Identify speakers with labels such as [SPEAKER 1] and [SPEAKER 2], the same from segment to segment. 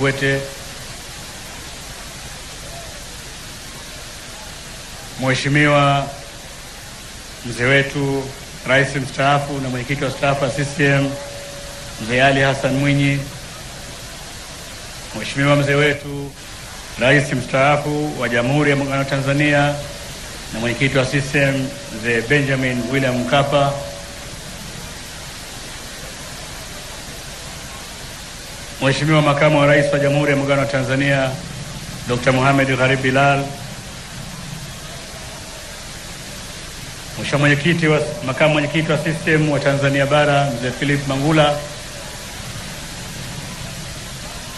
[SPEAKER 1] Kikwete, Mheshimiwa mzee wetu rais mstaafu na mwenyekiti wa staafu wa CCM mzee Ali Hassan Mwinyi, Mheshimiwa mzee wetu rais mstaafu wa Jamhuri ya Muungano wa Tanzania na mwenyekiti wa CCM mzee Benjamin William Mkapa Mheshimiwa Makamu wa Rais wa Jamhuri ya Muungano wa Tanzania Dr. Mohamed Gharib Bilal, Mheshimiwa Mwenyekiti wa Makamu Mwenyekiti wa CCM wa Tanzania Bara Mzee Philip Mangula,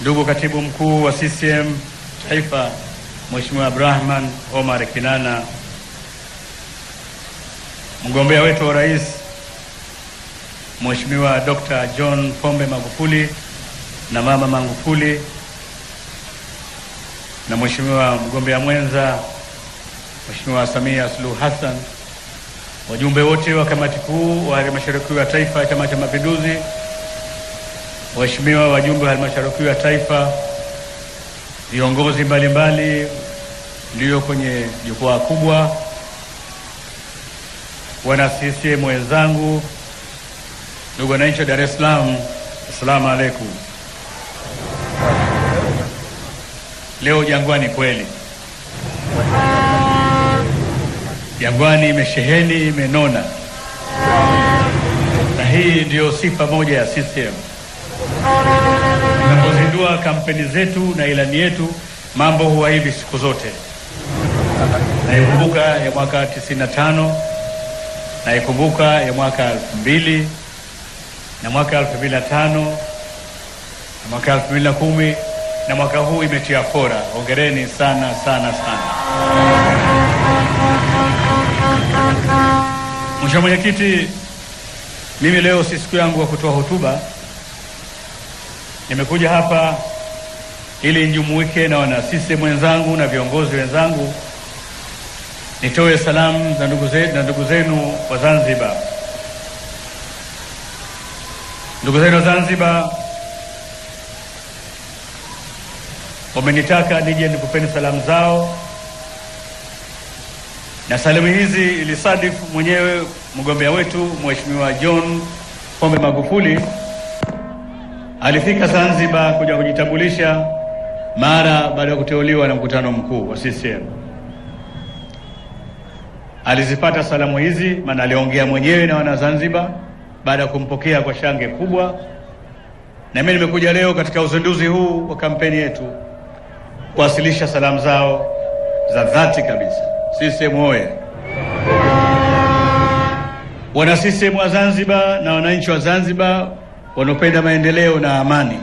[SPEAKER 1] ndugu Katibu Mkuu wa CCM Taifa Mheshimiwa Abdrahman Omar Kinana, mgombea wetu wa urais Mheshimiwa Dr. John Pombe Magufuli na mama Magufuli na mheshimiwa mgombea mwenza Mheshimiwa Samia Suluhu Hassan, wajumbe wote wa kamati kuu wa halmashauri kuu ya taifa ya Chama cha Mapinduzi, waheshimiwa wajumbe wa halmashauri kuu ya taifa, viongozi mbalimbali ndio kwenye jukwaa kubwa, wana CCM wenzangu, ndugu wananchi wa Dar es Salaam, assalamu alaikum. leo Jangwani kweli, Jangwani imesheheni, imenona, na hii ndiyo sifa moja ya CCM. Tunapozindua kampeni zetu na ilani yetu, mambo huwa hivi siku zote. Naikumbuka ya mwaka 95 naikumbuka ya mwaka 2000 na mwaka 2005 na mwaka na mwaka huu imetia fora. Hongereni sana sana sana. Mheshimiwa Mwenyekiti, mimi leo si siku yangu ya kutoa hotuba. Nimekuja hapa ili njumuike na wanasisi wenzangu na viongozi wenzangu nitoe salamu za ndugu zetu na ndugu zenu wa Zanzibar. Ndugu zenu wa Zanzibar wamenitaka nije nikupeni salamu zao, na salamu hizi ilisadifu mwenyewe mgombea wetu Mheshimiwa John Pombe Magufuli alifika Zanzibar kuja kujitambulisha mara baada ya kuteuliwa na mkutano mkuu wa CCM. Alizipata salamu hizi, maana aliongea mwenyewe na wana Zanzibar baada ya kumpokea kwa shangwe kubwa, na mimi nimekuja leo katika uzinduzi huu wa kampeni yetu kuwasilisha salamu zao za dhati kabisa. CCM oye! Wana CCM wa Zanzibar na wananchi wa Zanzibar wanaopenda maendeleo na amani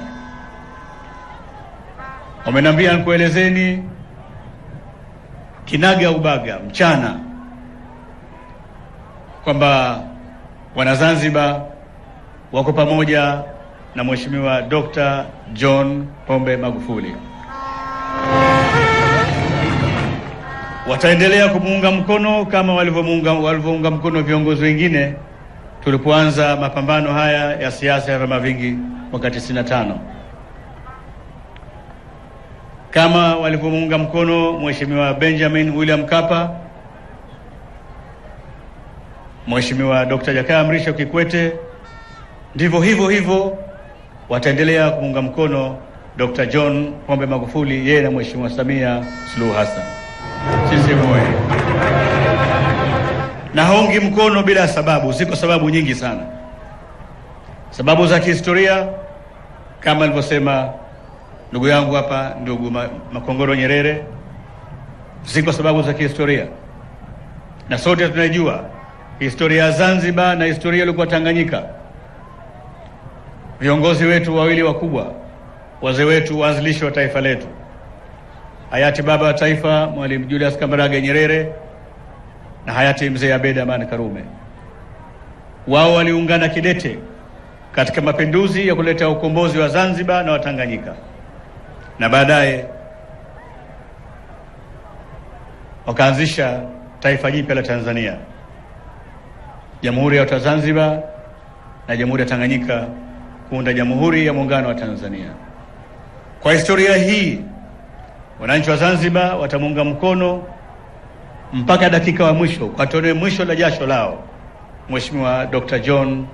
[SPEAKER 1] wamenambia nikuelezeni kinaga ubaga mchana kwamba wana Zanzibar wako pamoja na Mheshimiwa Dr. John Pombe Magufuli. wataendelea kumuunga mkono kama walivyounga mkono viongozi wengine tulipoanza mapambano haya ya siasa ya vyama vingi mwaka 95 kama walivyomuunga mkono Mheshimiwa Benjamin William kapa Mheshimiwa Dr. Jakaya Mrisho Kikwete, ndivyo hivyo hivyo wataendelea kumuunga mkono Dr. John Pombe Magufuli, yeye na Mheshimiwa Samia Suluhu Hassan. CCM oye! Na haungi mkono bila sababu. Ziko sababu nyingi sana, sababu za kihistoria kama alivyosema ndugu yangu hapa, ndugu Makongoro Nyerere. Ziko sababu za kihistoria na sote tunaijua historia ya Zanzibar na historia ilikuwa Tanganyika. Viongozi wetu wawili wakubwa, wazee wetu, waanzilishi wa taifa letu hayati baba wa taifa Mwalimu Julius Kambarage Nyerere na hayati mzee Abedi Amani Karume. Wao waliungana kidete katika mapinduzi ya kuleta ukombozi wa Zanzibar na Watanganyika, na baadaye wakaanzisha taifa jipya la Tanzania, Jamhuri ya Zanzibar na Jamhuri ya Tanganyika, kuunda Jamhuri ya Muungano wa Tanzania. Kwa historia hii Wananchi wa Zanzibar watamuunga mkono mpaka dakika wa mwisho kwa tone mwisho la jasho lao Mheshimiwa Dr. John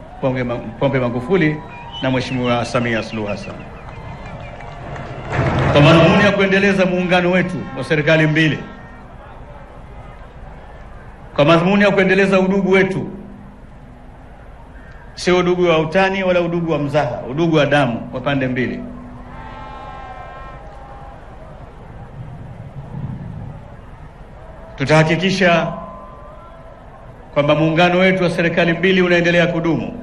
[SPEAKER 1] Pombe Magufuli na Mheshimiwa Samia Suluhu Hassan kwa madhumuni ya kuendeleza muungano wetu wa serikali mbili, kwa madhumuni ya kuendeleza udugu wetu, sio udugu wa utani wala udugu wa mzaha, udugu wa damu wa pande mbili. Tutahakikisha kwamba muungano wetu wa serikali mbili unaendelea kudumu,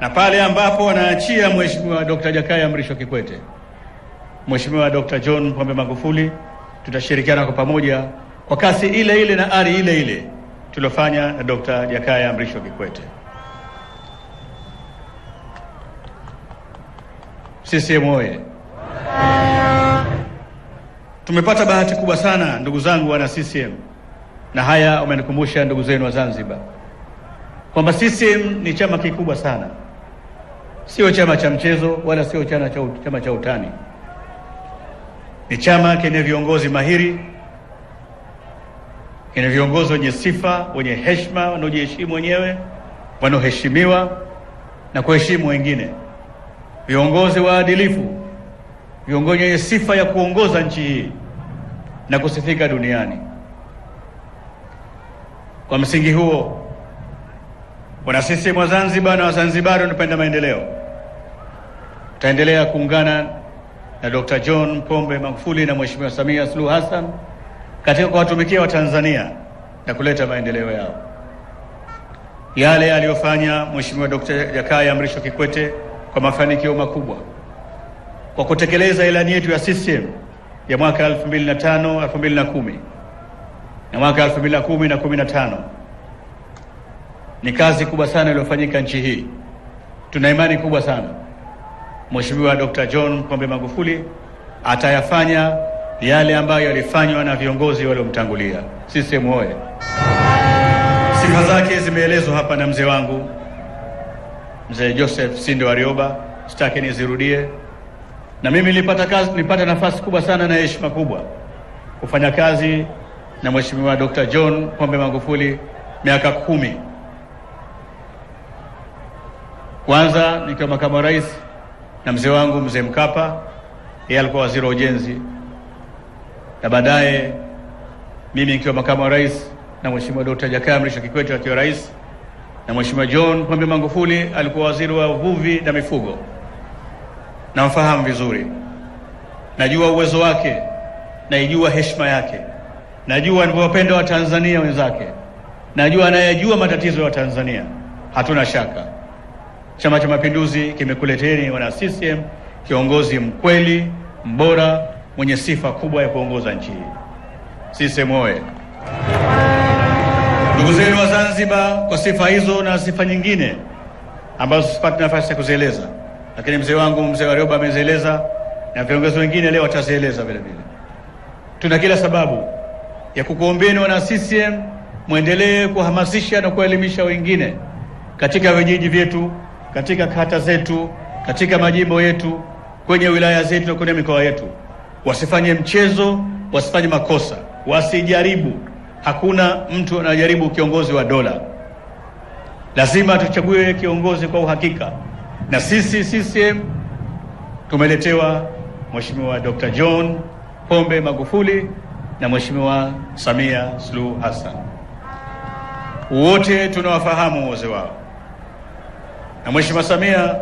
[SPEAKER 1] na pale ambapo wanaachia Mheshimiwa Dr. Jakaya Mrisho Kikwete, Mheshimiwa Dr. John Pombe Magufuli, tutashirikiana kwa pamoja kwa kasi ile ile na ari ile ile tuliofanya na Dr. Jakaya Mrisho Kikwete. CCM oye! Tumepata bahati kubwa sana ndugu zangu wana CCM, na haya wamenikumbusha ndugu zenu wa Zanzibar kwamba CCM ni chama kikubwa sana, sio chama cha mchezo wala sio chama cha chama cha utani. Ni chama kenye viongozi mahiri, kenye viongozi wenye sifa, wenye heshima, wanaojiheshimu wenyewe, wanaoheshimiwa na kuheshimu wengine, viongozi waadilifu viongozi wenye sifa ya kuongoza nchi hii na kusifika duniani. Kwa msingi huo, wana CCM wa Zanzibar na Wazanzibari wanapenda maendeleo, tutaendelea kuungana na Dr. John Pombe Magufuli na Mheshimiwa Samia Suluhu Hassan katika kuwatumikia Watanzania na kuleta maendeleo yao. Yale aliyofanya Mheshimiwa Dr. Jakaya Mrisho Kikwete kwa mafanikio makubwa kwa kutekeleza ilani yetu ya CCM ya mwaka 2005 2010 na mwaka 2010 na 15. Ni kazi kubwa sana iliyofanyika nchi hii. Tuna imani kubwa sana Mheshimiwa Dr. John Pombe Magufuli atayafanya yale ambayo yalifanywa na viongozi waliomtangulia. CCM oye! Sifa zake zimeelezwa hapa na mzee wangu mzee Joseph Sindo Warioba, sitaki nizirudie na mimi nilipata kazi, nilipata nafasi kubwa sana na heshima kubwa kufanya kazi na Mheshimiwa Dr. John Pombe Magufuli miaka kumi, kwanza nikiwa makamu wa rais na mzee wangu mzee Mkapa, yeye alikuwa waziri wa ujenzi, na baadaye mimi nikiwa makamu wa rais na Mheshimiwa Dr. Jakaya Mrisho Kikwete akiwa rais na Mheshimiwa John Pombe Magufuli alikuwa waziri wa uvuvi na mifugo namfahamu vizuri, najua uwezo wake, naijua heshima yake, najua anavyowapenda Watanzania wenzake, najua anayajua matatizo ya Watanzania. Hatuna shaka Chama cha Mapinduzi kimekuleteni wana CCM kiongozi mkweli, mbora, mwenye sifa kubwa ya kuongoza nchi hii. CCM oye! Ndugu zenu wa Zanzibar, kwa sifa hizo na sifa nyingine ambazo sipati nafasi ya kuzieleza lakini mzee wangu mzee Warioba amezieleza na viongozi wengine leo watazieleza vile vile. Tuna kila sababu ya kukuombeni wana CCM mwendelee kuhamasisha na kuelimisha wengine katika vijiji vyetu, katika kata zetu, katika majimbo yetu, kwenye wilaya zetu na kwenye mikoa yetu. Wasifanye mchezo, wasifanye makosa, wasijaribu. Hakuna mtu anajaribu kiongozi wa dola. Lazima tuchague kiongozi kwa uhakika. Na sisi CCM tumeletewa Mheshimiwa Dr. John Pombe Magufuli na Mheshimiwa Samia Suluhu Hassan. Wote tunawafahamu wazee wao, na Mheshimiwa Samia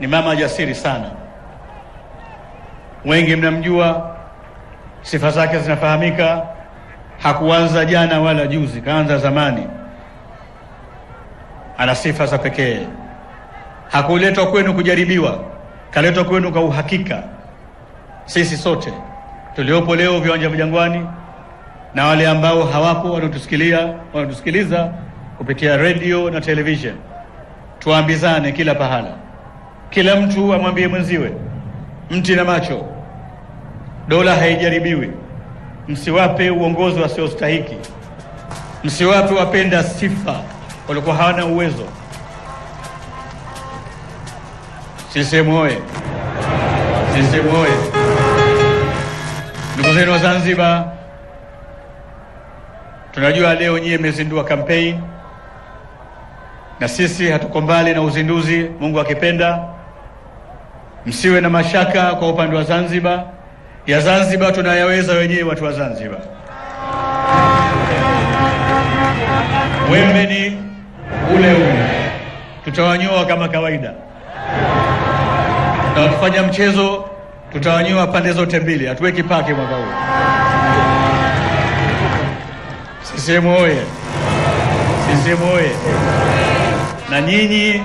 [SPEAKER 1] ni mama jasiri sana, wengi mnamjua, sifa zake zinafahamika. Hakuanza jana wala juzi, kaanza zamani. Ana sifa za pekee. Hakuletwa kwenu kujaribiwa, kaletwa kwenu kwa uhakika. Sisi sote tuliopo leo viwanja vya Jangwani na wale ambao hawapo wanatusikilia wanatusikiliza kupitia redio na television, tuambizane kila pahala, kila mtu amwambie mwenziwe mti na macho. Dola haijaribiwi. Msiwape uongozi wasiostahiki, msiwape wapenda sifa waliokuwa hawana uwezo. CCM oye! CCM oye! Ndugu zenu wa Zanzibar, tunajua leo nyie mmezindua kampeni na sisi hatuko mbali na uzinduzi, Mungu akipenda. Msiwe na mashaka kwa upande wa Zanzibar, ya Zanzibar tunayaweza wenyewe, watu wa Zanzibar. Wembe ni ule ule, tutawanyoa kama kawaida na tukifanya mchezo tutawanyua pande zote mbili, hatuweki pake mwaka huu. CCM oye! CCM oye! Na nyinyi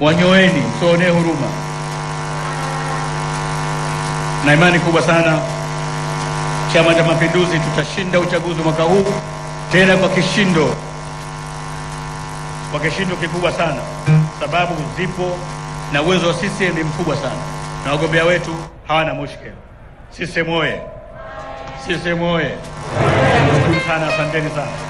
[SPEAKER 1] wanyoeni, mtuonee huruma na imani kubwa sana Chama cha Mapinduzi tutashinda uchaguzi mwaka huu tena kwa kishindo, kwa kishindo kikubwa sana, sababu zipo na uwezo wa CCM ni mkubwa sana, na wagombea wetu hawana mushkeli. CCM oye! CCM oye! Asanteni sana.